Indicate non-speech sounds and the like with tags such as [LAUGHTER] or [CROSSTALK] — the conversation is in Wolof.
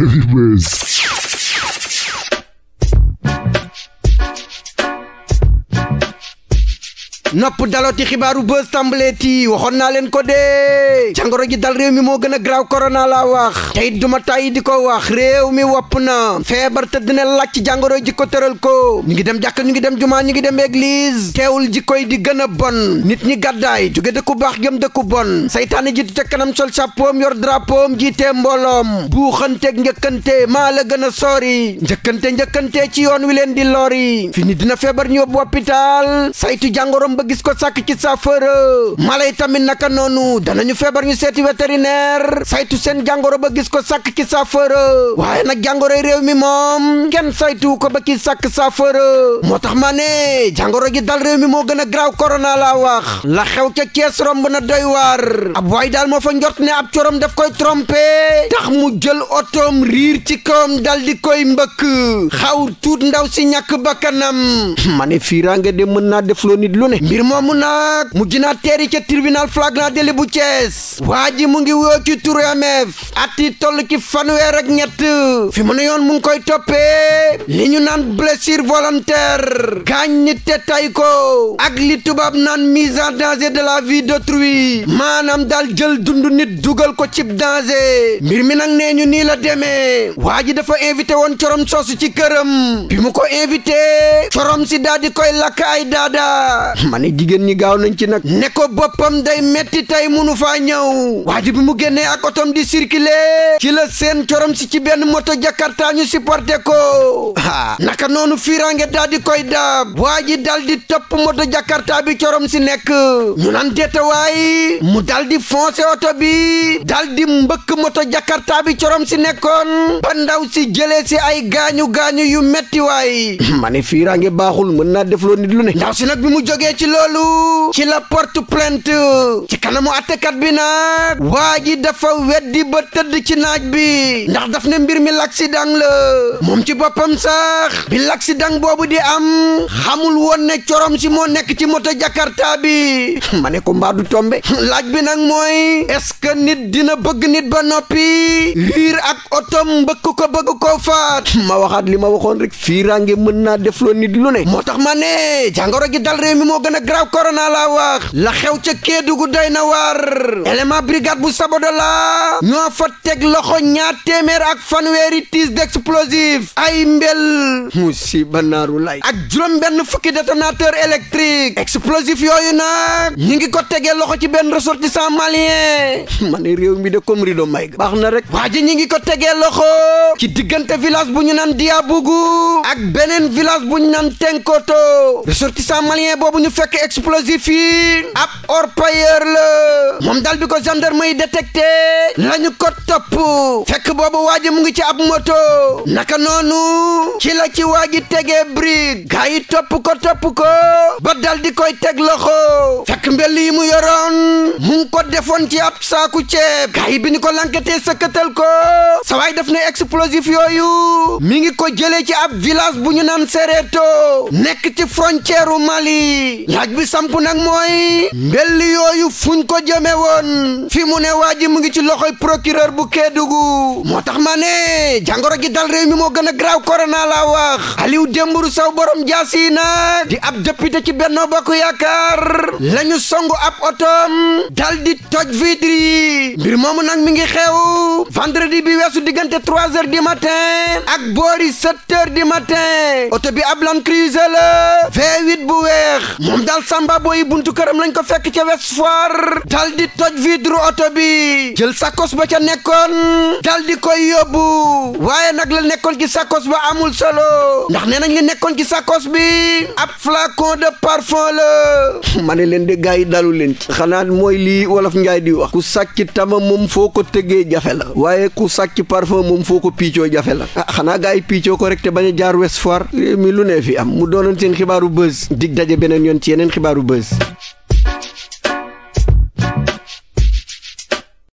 Heavy Bass. nopp dalooti xibaaru buzz tàmbaleeti waxoon naa leen ko dee jàngoro ji dal réew mi moo gën a graaw korona laa wax du duma tàyyi di ko wax réew mi wopp na feebar tëdd dina laaj ci jàngoro ji ko tëral ko ñu ngi dem jàkk ñu ngi dem jumaa ñu ngi dem église teewul ji koy di gën a bon nit ñi gàddaay jóge dëkku baax jëm dëkku bon saytaane ji ca kanam sol sapoom yor drapoom jiitee mbooloom buuxanteeg njëkkante maa la gën a soori njëkkante njëkkante ci yoon wi leen di lori fi ni dina feebar ñu yóbbu hôpital saytu jàngoroom ba gis ko sàkk ci saafara mala yi tamit naka noonu danañu feebar ñu seeti vétérinaire saytu seen jàngoro ba gis ko sàkk ci saafara waaye nag jàngoroy réew mi moom kenn saytu ko ba ki sàkk saafara moo tax maa ne jàngoro ji dal réew mi moo gën a graaw korona la wax la xew ca Cees romb na doy waar ab waay daal moo fa njort ne ab corom daf koy trompé tax mu jël otoom riir ci kawam dal di koy mbëkk xaw tuut ndaw si ñàkk bakkanam [LAUGHS] ma ne fiiraange de mën naa def loo nit lu ne mbir moomu nag mu gënaat teeri ca tribunal flagrant délit bu Thiès waa ji mu ngi wuyoo ci turu MF ati toll ci fanweer ak ñett fi mu ne yoon mu ngi koy toppee li ñu naan blessure volontaire gaañ nit te tay ak li tubaab naan mise en danger de la vie d'autrui maanaam daal jël dund nit dugal ko cib danger mbir mi nag nee ñu nii la demee waa ji dafa invité woon corom soosu ci këram bi mu ko invité corom si daal di koy lakk ay daada ne jigéen ñi gaaw nañ ci nag ne ko day metti tey munu faa ñëw waaju bi mu génnee ak otom di circuler ci la seen corom si ci benn moto jakarta ñu supporté ko naka noonu firange daal di koy daab waa ji dal di topp moto jakarta bi corom si nekk ñu naan deetawaay mu dal di foncé oto bi dal di mbëkk moto jakarta bi corom si nekkoon ba ndaw si jëlee si ay gaañu gaañu yu metti waay [LAUGHS] ma ne firange baaxul mën naa defloo nit lu ne ndaw si nag bi mu jógee ci loolu ci la porte plainte ci kanamu attekat bi nag waa ji dafa weddi ba tëdd ci naaj bi ndax daf ne mbir mi l'accident la moom ci boppam sax bi l'accident boobu di am xamul woon ne corom si moo nekk ci moto jakarta bi [LAUGHS] ma ne ko mbaa du tombe [LAUGHS] laaj bi nag mooy est-ce que nit dina bëgg nit ba noppi wiir ak otom mbëkk ko bëgg koo faat [LAUGHS] ma waxaat li ma waxoon rek fiiraange mën naa defloo nit lu ne moo tax ma ne jàngoro dal réew mi moo gën a de graw korona laa wax la xew ca Kédougou doy na war élément brigade bu sabodo la ñoo fa teg loxo ñaar téeméer ak fanweeri tiis d'explosif ay mbel musiba naaru lay ak juróom-benn fukki détonateur électrique explosif yooyu nag ñi ngi ko tegee loxo ci benn ressortissant malien [LAUGHS] ma ne réew mi de comme rido may ga baax na rek waa ji ñi ngi ko tegee loxo ci diggante village bu ñu naan Diabougou ak beneen village bu ñu naan Tenkoto ressortissant malien boobu ñu fekk ak explosif yi ab orpailleur la moom daal bi ko gendarme yi détecté lañu ko topp fekk boobu waaj mu ngi ci ab moto naka noonu ci la ci waa ji tegee brique gaa topp ko topp ko ba dal di koy teg loxo fekk mbell yi mu yoroon mu ngi ko defoon ci ab saaku ceeb gaa bi ñu ko lankatee sëkkatal ko sawaay def na explosif yooyu mi ngi ko jëlee ci ab village bu ñu naan Sereto nekk ci frontière u Mali laaj bi samp nag mooy mbell yooyu fuñ ko jëme woon fi mu ne waa ji mu ngi ci loxoy procureur bu Kédougou moo tax ma ne jàngoro ji dal réew mi moo gën a graaw korona laa wax Aliou Dembourou Sow borom jaas yi nag di ab député ci Benno Bokk Yaakaar lañu songu ab otoom dal di toj vitre yi mbir moomu nag mi ngi xew vendredi bi weesu diggante trois heures du matin ak boori sept heures du matin oto bi ab Land Cruiser la bu weex moom daal Samba Boy buntu këram lañ ko fekk ca West Foire di toj vidre oto bi sakos ba ca nekkoon dal di koy yóbbu waaye nag la nekkoon ci sakos ba amul solo ndax nee nañ li nekkoon ci sakos bi ab flacon de parfum la [LAUGHS] ma ne leen de gars yi dalu leen ci xanaa mooy lii wolof njaay di wax ku sàcc tama moom foo ko tëggee jafe la waaye ku sàcc parfum moom foo ko piicoo jafe la ah, xanaa gars yi piicoo ko rek te bañ jaar wes Foire mi lu ne fi am mu doonoon seen xibaaru buzz dig daje beneen yoon ci ci yeneen xibaaru bës.